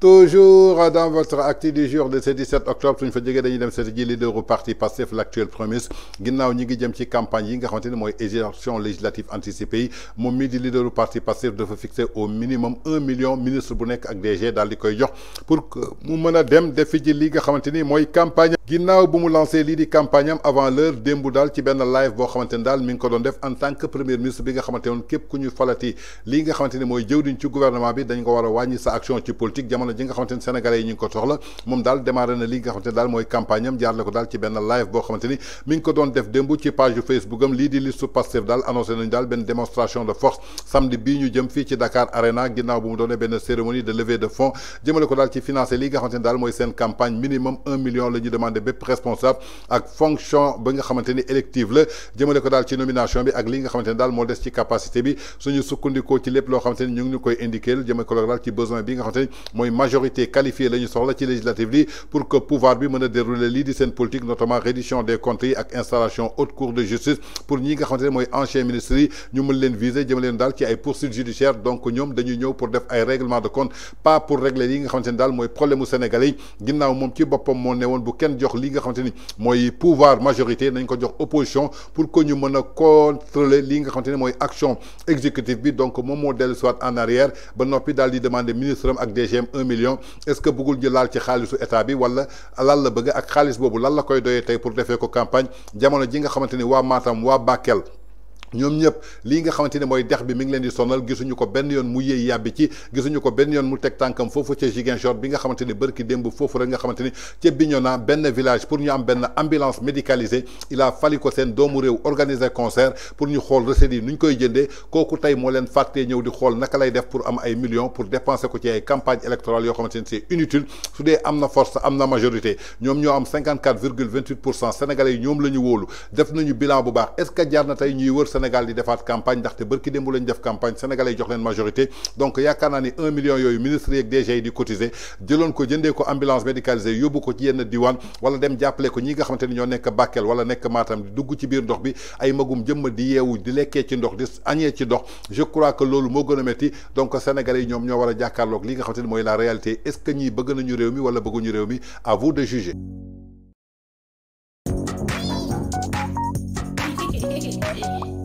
toujours dans votre acte du jour de ce 17 octobre une fa jógee dañuy dem cette leader parti Pastef l'actuel promesse. ministre ginnaaw ñi ngi jëm campagne yi nga xamante élection législative anticipée Mon midi leader parti Pastef dafa fixer au minimum un million ministre bu pour ak DG dans di koy pour que mu mën a dem defi ji campagne ginnaw bu mu lancé li di campagne am avant l'heure dembou dal ci ben live bo xamanteni d'al mi ngi ko don def en tant que premier ministre bi nga xamanteni won kep ku ñu falati li nga xamanteni moy mooy ci gouvernement bi dañ ko wara wañi sa action ci politique jamono ji nga xamanteni sénégalais yi ñu ko soxla mom d'al démarré na li nga xamanteni dal moy campagne am jaarle ko dal ci ben live bo xamanteni mi ngi ko don def dembou ci page Facebook am li di listu Pastef d'al annoncé nañ dal ben démonstration de force samedi bi ñu jëm fi ci Dakar Arena ginnaw bu mu donné ben cérémonie de levée de fonds jëmale ko dal ci financer li nga xamanteni dal moy sen campagne minimum un million la ñu demandé de responsable ak fonction ba nga xamanteni ni élective la jëmale ko dal ci nomination bi ak li nga xamanteni dal mo dess ci capacité bi suñu sukkandikoo ci lepp lo xamanteni ñu ngi koy indiqué jëme ko dal ci besoin bi nga xamanteni moy majorité qualifiée la soxla ci législative li pour que pouvoir bi mëna dérouler li di sen politique notamment réduction des comptes yi ak installation haute cour de justice pour ñi nga xamanteni moy mooy ancien ministre ñu mën leen viser jëme leen dal ci ay poursuites judiciaires donc ñom dañuy ñëw pour def ay règlement de compte pas pour régler li nga xamanteni dal moy problème Sénégalais ginnaw mom ci bopam mo néwon bu kenn jox li nga pouvoir majorité nañ ko jox opposition pour que ñu mëna contre contrôler li nga xamanteni action exécutive bi donc mon modèle soit en arrière ba nopi dal di demander ministre avec ak DGM un million est ce que bëggul de laal ci xalisu état bi wala le la bëgg ak xaliss bobu la koy doyé tay pour défé ko campagne jamono ji nga xamanteni wa Matam wa Bakel ñom ñep li nga xamanteni moy dex bi mi ngi leen di sonal gisunu ko ben yoon mu yey yab ci gisunu ko ben yoon mu teg tànkam foofu ca Ziguinchor bi nga xamanteni barki bërki fofu foofu rek nga xamanteni ci ca Bignona benn village pour ñu am ben ambulance médicalisée il a fallu ko seen doomu rew organiser concert pour ñu xol recettes yi ñu koy jëndé koku tay mo leen fàttee ñew di xol naka lay def pour am ay millions pour dépenser ko ci ay campagne électorale yo xamanteni c'est inutile su dé amna force amna majorité ñom ñoo am 54,28% sénégalais ñom lañu wolu def nañu bilan bu baax est-ce que jarna tay ñuy wër Sénégal di defaat campagne ndaxte barki dembu lañ def campagne sénégalais jox leen majorité donc yakana ni 1 million yoyu ministre yeeg DG yi di cotiser djelon ko jëndé ko ambulance médicalisée yóbbu ko ci yenn diwan wala dem jàppale ko ñi nga xamanteni ño nek bakkel wala nek Matam di dugg ci biir ndox bi ay magum jëm di yewu di lekkee ci ndox di agné ci ndox je crois que lolu mo gëna metti donc sénégalais ñom ño wara war a li nga xamanteni moy la réalité est-ce que ñi bëgg nañu réew mi wala bëgguñu réew mi à vous de juger Thank you.